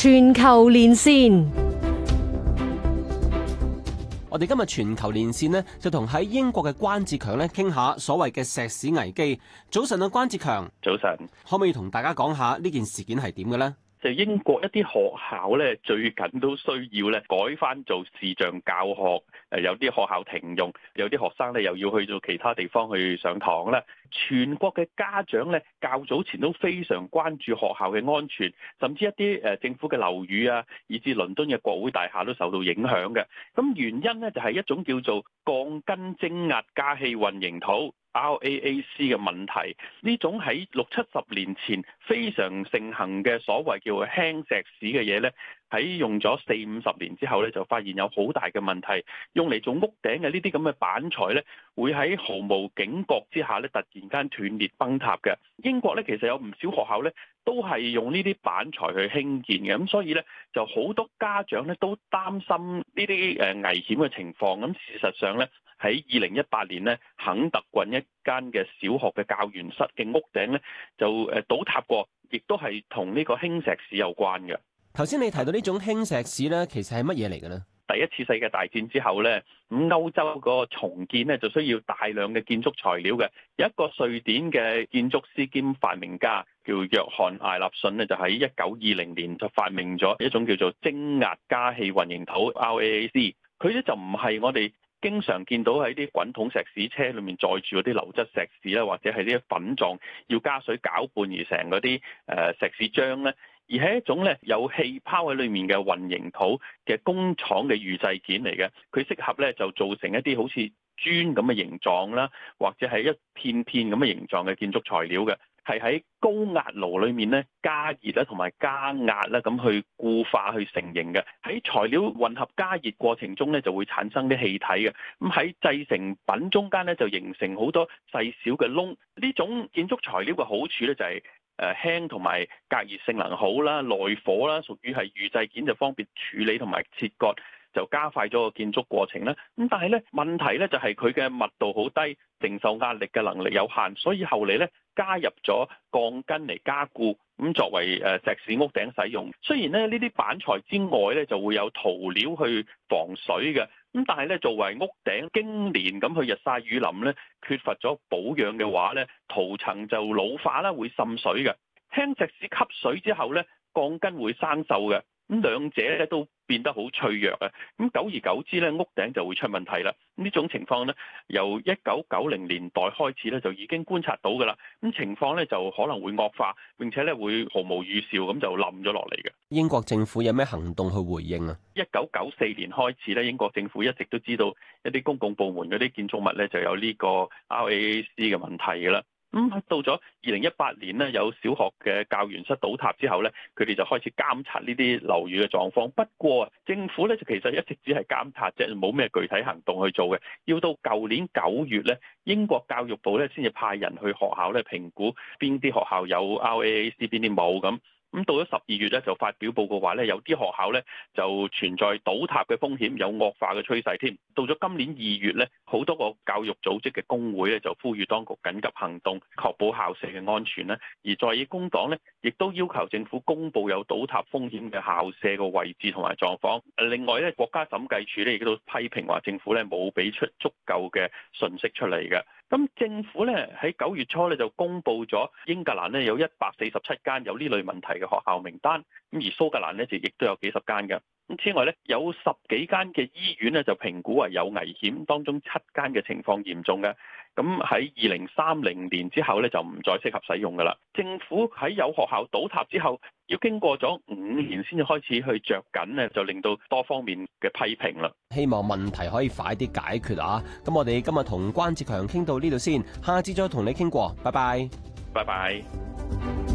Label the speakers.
Speaker 1: 全球連線，我哋今日全球連線呢，就同喺英國嘅關志強咧傾下所謂嘅石屎危機。早晨啊，關志強，早晨安，可唔可以同大家講下呢件事件係點嘅咧？就英國一啲學校咧，
Speaker 2: 最近都需要咧改翻做視像教學，誒有啲學校停用，有啲學生咧又要去到其他地方去上堂啦。全國嘅家長咧較早前都非常關注學校嘅安全，甚至一啲誒政府嘅樓宇啊，以至倫敦嘅國會大廈都受到影響嘅。咁原因咧就係、是、一種叫做鋼筋蒸壓加氣混凝土，RAAC 嘅問題，呢種喺六七十年前非常盛行嘅所謂叫做輕石屎嘅嘢呢，喺用咗四五十年之後呢，就發現有好大嘅問題，用嚟做屋頂嘅呢啲咁嘅板材呢，會喺毫無警覺之下咧，突然間斷裂崩塌嘅。英國咧，其實有唔少學校咧，都係用呢啲板材去興建嘅。咁所以咧，就好多家長咧都擔心呢啲誒危險嘅情況。咁事實上咧，喺二零一八年咧，肯特郡一間嘅小學嘅教員室嘅屋頂咧，就誒倒塌過，亦都係同呢個輕石屎有關嘅。
Speaker 1: 頭先你提到呢種輕石屎咧，其實係乜嘢嚟嘅咧？
Speaker 2: 第一次世界大戰之後呢，咁歐洲個重建呢，就需要大量嘅建築材料嘅。有一個瑞典嘅建築師兼發明家叫約翰艾立信呢，就喺一九二零年就發明咗一種叫做精壓加氣混凝土 （R.A.A.C.）。佢咧，就唔係我哋經常見到喺啲滾筒石屎車裏面載住嗰啲流質石屎啦，或者係啲粉狀要加水攪拌而成嗰啲誒石屎漿咧。而係一種咧有氣泡喺裡面嘅混凝土嘅工廠嘅預製件嚟嘅，佢適合咧就做成一啲好似磚咁嘅形狀啦，或者係一片片咁嘅形狀嘅建築材料嘅，係喺高壓爐裡面咧加熱啦同埋加壓啦，咁去固化去成型嘅。喺材料混合加熱過程中咧就會產生啲氣體嘅，咁喺製成品中間咧就形成好多細小嘅窿。呢種建築材料嘅好處咧就係、是。誒輕、同埋隔熱性能好啦，耐火啦，屬於係預製件就方便處理同埋切割，就加快咗個建築過程啦。咁但係咧問題咧就係佢嘅密度好低，承受壓力嘅能力有限，所以後嚟咧加入咗鋼筋嚟加固，咁作為誒石屎屋頂使用。雖然咧呢啲板材之外咧就會有塗料去防水嘅。咁但係咧，作為屋頂經年咁去日曬雨淋咧，缺乏咗保養嘅話咧，塗層就老化啦，會滲水嘅。輕石屎吸水之後咧，鋼筋會生鏽嘅。咁兩者咧都變得好脆弱啊！咁久而久之咧，屋頂就會出問題啦。呢種情況咧，由一九九零年代開始咧，就已經觀察到嘅啦。咁情況咧就可能會惡化，並且咧會毫無預兆咁就冧咗落嚟嘅。
Speaker 1: 英國政府有咩行動去回應啊？
Speaker 2: 一九九四年開始咧，英國政府一直都知道一啲公共部門嗰啲建築物咧就有呢個 RAAC 嘅問題嘅啦。咁到咗二零一八年咧，有小學嘅教員室倒塌之後咧，佢哋就開始監察呢啲樓宇嘅狀況。不過啊，政府咧就其實一直只係監察啫，冇咩具體行動去做嘅。要到舊年九月咧，英國教育部咧先至派人去學校咧評估邊啲學校有 RAAC，邊啲冇咁。咁到咗十二月咧，就發表報告話咧，有啲學校咧就存在倒塌嘅風險，有惡化嘅趨勢添。到咗今年二月咧，好多個教育組織嘅工會咧就呼籲當局緊急行動，確保校舍嘅安全啦。而在野工黨咧，亦都要求政府公布有倒塌風險嘅校舍嘅位置同埋狀況。另外咧，國家審計署咧亦都批評話，政府咧冇俾出足夠嘅信息出嚟嘅。咁政府咧喺九月初咧就公布咗英格蘭咧有一百四十七間有呢類問題嘅學校名單。咁而蘇格蘭咧就亦都有幾十間嘅。此外咧，有十幾間嘅醫院咧就評估話有危險，當中七間嘅情況嚴重嘅。咁喺二零三零年之後咧就唔再適合使用噶啦。政府喺有學校倒塌之後，要經過咗五年先至開始去着緊咧，就令到多方面嘅批評啦。
Speaker 1: 希望問題可以快啲解決啊！咁我哋今日同關志強傾到呢度先，下次再同你傾過。拜拜，拜拜。